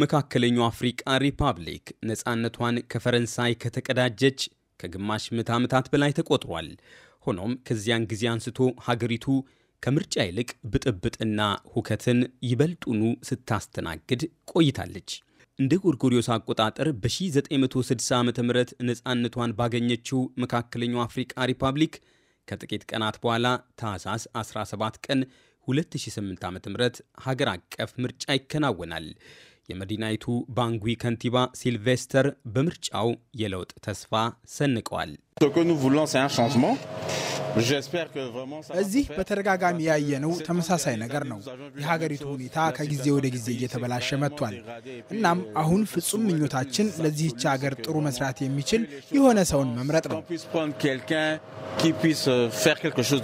መካከለኛው አፍሪቃ ሪፐብሊክ ነፃነቷን ከፈረንሳይ ከተቀዳጀች ከግማሽ ምዕተ ዓመታት በላይ ተቆጥሯል። ሆኖም ከዚያን ጊዜ አንስቶ ሀገሪቱ ከምርጫ ይልቅ ብጥብጥና ሁከትን ይበልጡኑ ስታስተናግድ ቆይታለች። እንደ ጎርጎሪዮስ አቆጣጠር በ1960 ዓ ም ነፃነቷን ባገኘችው መካከለኛው አፍሪቃ ሪፐብሊክ ከጥቂት ቀናት በኋላ ታህሳስ 17 ቀን 2008 ዓ ም ሀገር አቀፍ ምርጫ ይከናወናል። የመዲናይቱ ባንጉ ከንቲባ ሲልቬስተር በምርጫው የለውጥ ተስፋ ሰንቀዋል። እዚህ በተደጋጋሚ ያየነው ተመሳሳይ ነገር ነው። የሀገሪቱ ሁኔታ ከጊዜ ወደ ጊዜ እየተበላሸ መጥቷል። እናም አሁን euh, ፍጹም ምኞታችን ለዚህች ሀገር ጥሩ መስራት የሚችል የሆነ ሰውን መምረጥ ነው።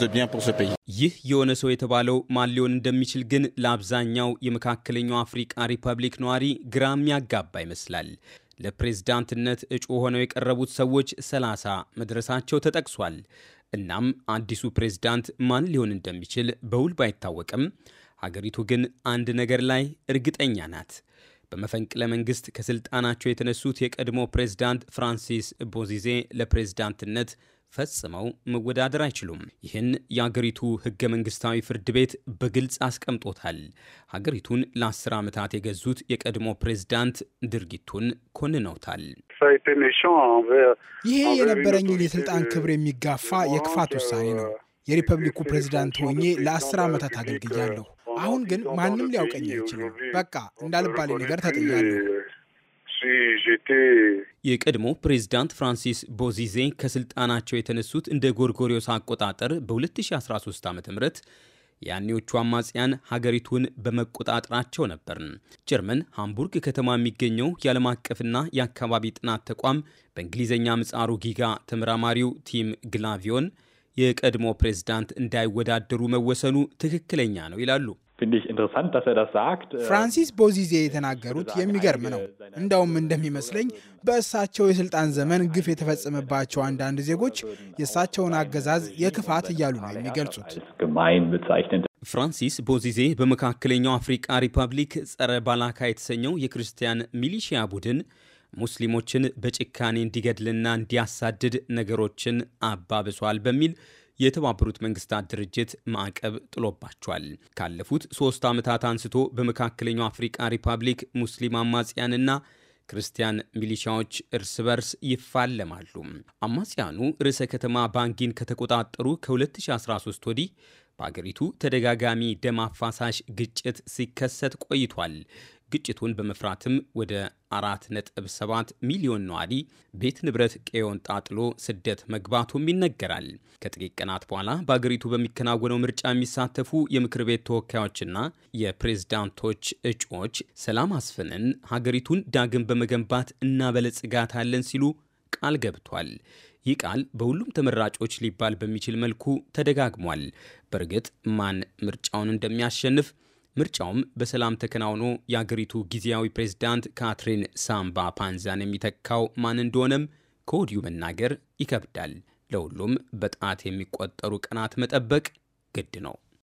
euh, ይህ የሆነ ሰው የተባለው ማን ሊሆን እንደሚችል ግን ለአብዛኛው የመካከለኛው አፍሪቃ ሪፐብሊክ ነዋሪ ግራ የሚያጋባ ይመስላል። ለፕሬዝዳንትነት እጩ ሆነው የቀረቡት ሰዎች ሰላሳ መድረሳቸው ተጠቅሷል። እናም አዲሱ ፕሬዝዳንት ማን ሊሆን እንደሚችል በውል ባይታወቅም ሀገሪቱ ግን አንድ ነገር ላይ እርግጠኛ ናት። በመፈንቅለ መንግስት ከስልጣናቸው የተነሱት የቀድሞ ፕሬዝዳንት ፍራንሲስ ቦዚዜ ለፕሬዝዳንትነት ፈጽመው መወዳደር አይችሉም። ይህን የአገሪቱ ህገ መንግስታዊ ፍርድ ቤት በግልጽ አስቀምጦታል። ሀገሪቱን ለአስር ዓመታት የገዙት የቀድሞ ፕሬዝዳንት ድርጊቱን ኮንነውታል። ይሄ የነበረኝን የስልጣን ክብር የሚጋፋ የክፋት ውሳኔ ነው። የሪፐብሊኩ ፕሬዝዳንት ሆኜ ለአስር ዓመታት አገልግያለሁ። አሁን ግን ማንም ሊያውቀኝ አይችልም። በቃ እንዳልባሌ ነገር ተጥያለሁ። የቀድሞ ፕሬዝዳንት ፍራንሲስ ቦዚዜ ከስልጣናቸው የተነሱት እንደ ጎርጎሪዮስ አቆጣጠር በ2013 ዓ ም ያኔዎቹ አማጽያን ሀገሪቱን በመቆጣጠራቸው ነበር። ጀርመን ሃምቡርግ ከተማ የሚገኘው የዓለም አቀፍና የአካባቢ ጥናት ተቋም በእንግሊዝኛ ምጻሩ ጊጋ ተመራማሪው ቲም ግላቪዮን የቀድሞ ፕሬዝዳንት እንዳይወዳደሩ መወሰኑ ትክክለኛ ነው ይላሉ። ፍራንሲስ ቦዚዜ er äh, er የተናገሩት የሚገርም ነው። እንዳውም እንደሚመስለኝ በእሳቸው የስልጣን ዘመን ግፍ የተፈጸመባቸው አንዳንድ ዜጎች የእሳቸውን አገዛዝ የክፋት እያሉ ነው er የሚገልጹት። ፍራንሲስ ቦዚዜ በመካከለኛው አፍሪቃ ሪፐብሊክ ጸረ ባላካ የተሰኘው የክርስቲያን ሚሊሺያ ቡድን ሙስሊሞችን በጭካኔ እንዲገድልና እንዲያሳድድ ነገሮችን አባብሷል በሚል የተባበሩት መንግስታት ድርጅት ማዕቀብ ጥሎባቸዋል። ካለፉት ሶስት ዓመታት አንስቶ በመካከለኛው አፍሪቃ ሪፐብሊክ ሙስሊም አማጽያንና ክርስቲያን ሚሊሻዎች እርስ በርስ ይፋለማሉ። አማጽያኑ ርዕሰ ከተማ ባንጊን ከተቆጣጠሩ ከ2013 ወዲህ በአገሪቱ ተደጋጋሚ ደም አፋሳሽ ግጭት ሲከሰት ቆይቷል። ግጭቱን በመፍራትም ወደ 4.7 ሚሊዮን ነዋሪ ቤት ንብረት ቀዮን ጣጥሎ ስደት መግባቱም ይነገራል። ከጥቂት ቀናት በኋላ በአገሪቱ በሚከናወነው ምርጫ የሚሳተፉ የምክር ቤት ተወካዮችና የፕሬዝዳንቶች እጩዎች ሰላም አስፍንን ሀገሪቱን ዳግም በመገንባት እናበለጽጋታለን ሲሉ ቃል ገብቷል። ይህ ቃል በሁሉም ተመራጮች ሊባል በሚችል መልኩ ተደጋግሟል። በእርግጥ ማን ምርጫውን እንደሚያሸንፍ ምርጫውም በሰላም ተከናውኖ የአገሪቱ ጊዜያዊ ፕሬዝዳንት ካትሪን ሳምባ ፓንዛን የሚተካው ማን እንደሆነም ከወዲሁ መናገር ይከብዳል። ለሁሉም በጣት የሚቆጠሩ ቀናት መጠበቅ ግድ ነው።